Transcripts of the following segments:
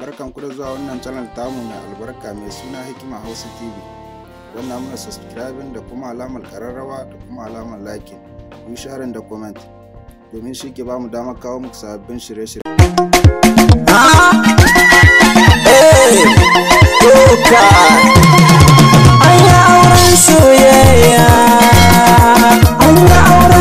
barkan ku da zuwa wannan channel tamu mai albarka mai suna hikima hausa tv wannan muna subscribe da kuma alamar kararrawa da kuma alamar like ku share da comment domin shi ke bamu damar kawo muku sababbin shirye-shirye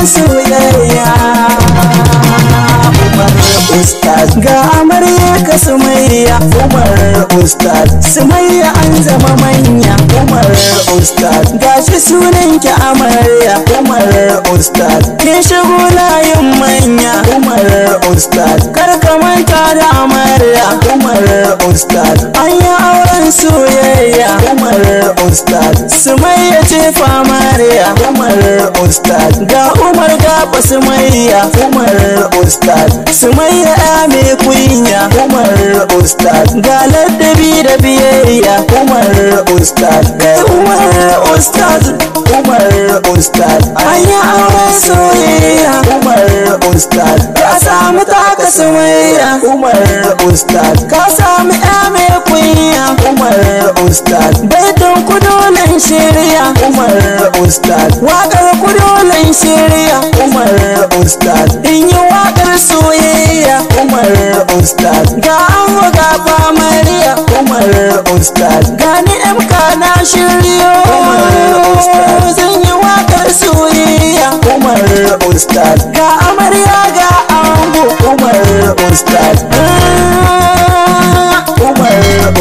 Soyayya, Ustaz ya umar ustaz sumayya an zama manya umar ustaz gashi sunan ki amarya umar ustaz kin shigo layin manya umar ustaz kar ka manta da amarya umar ustaz an yi auren soyayya famariya kamar ustaz sumayya ce famariya kamar ustaz ga umar gaba sumayya kamar ustaz sumayya ya mai kunya kamar ustaz ga ladabi da biyayya kamar ustaz umar ustaz umar ustaz an yi auren soyayya umar ustaz ka samu taka sumayya umar ustaz ka samu ya mai shirya umar ustaz baitin ku dolen shirya umar ustaz wakar ku dolen shirya umar ustaz in yi wakar soyayya umar ustaz ga an ga famariya umar ustaz Gani emka na shirya zan yi wakar soyayya umar ustaz ga amarya ga ango umar ustaz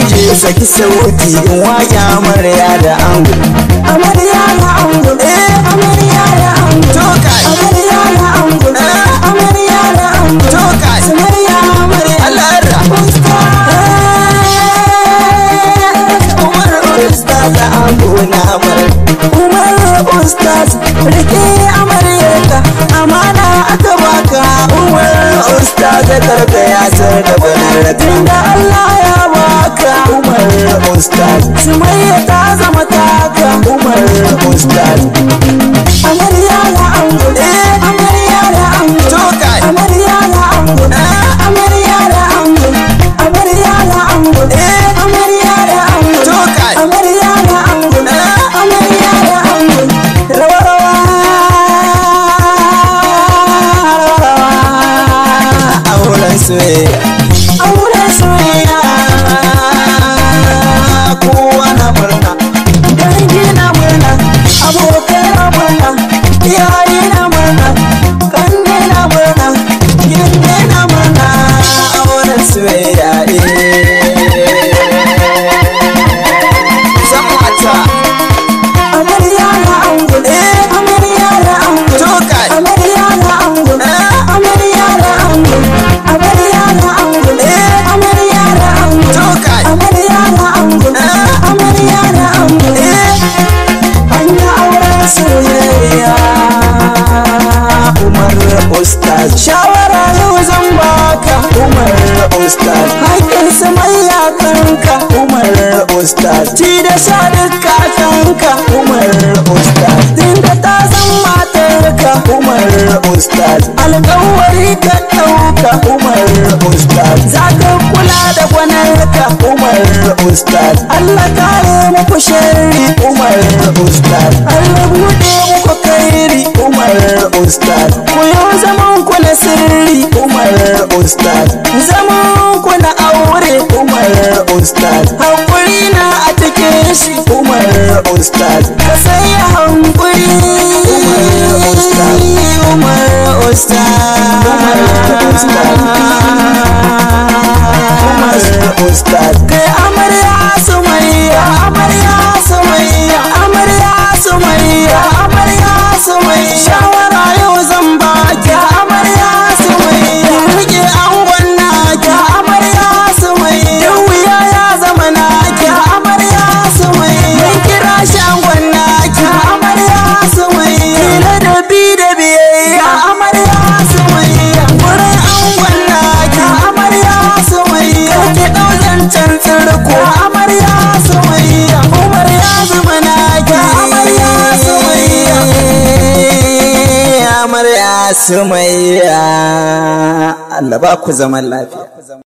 DJ saki sauti in wake amarya da ango amarya da ango eh amarya da ango to kai amarya da ango eh amarya da ango to kai amarya amarya Allah ra eh. Umar Ustaz ango na amar Umar Ustaz rike amaryarka amana aka baka Umar Ustaz karka ya sar da banar tunda Allah ya the stars daina mana auren soyayya ustad haƙƙin ya kanka umar ustad ci da sha kanka umar ustad dinda ta zan matarka umar ustad alƙawari ka ɗauka umar ustad za ka kula da gwanarka umar ustad allah kare muku sharri umar ustad allah buɗe muku tasiri umar ustaz ku yo zaman ku na sirri umar ustaz zaman ku na aure umar ustaz hakuri na a cikin shi umar ustaz ka sai hankuri umar ustaz umar ustaz kai amarya sumayya Allah ba ku zaman lafiya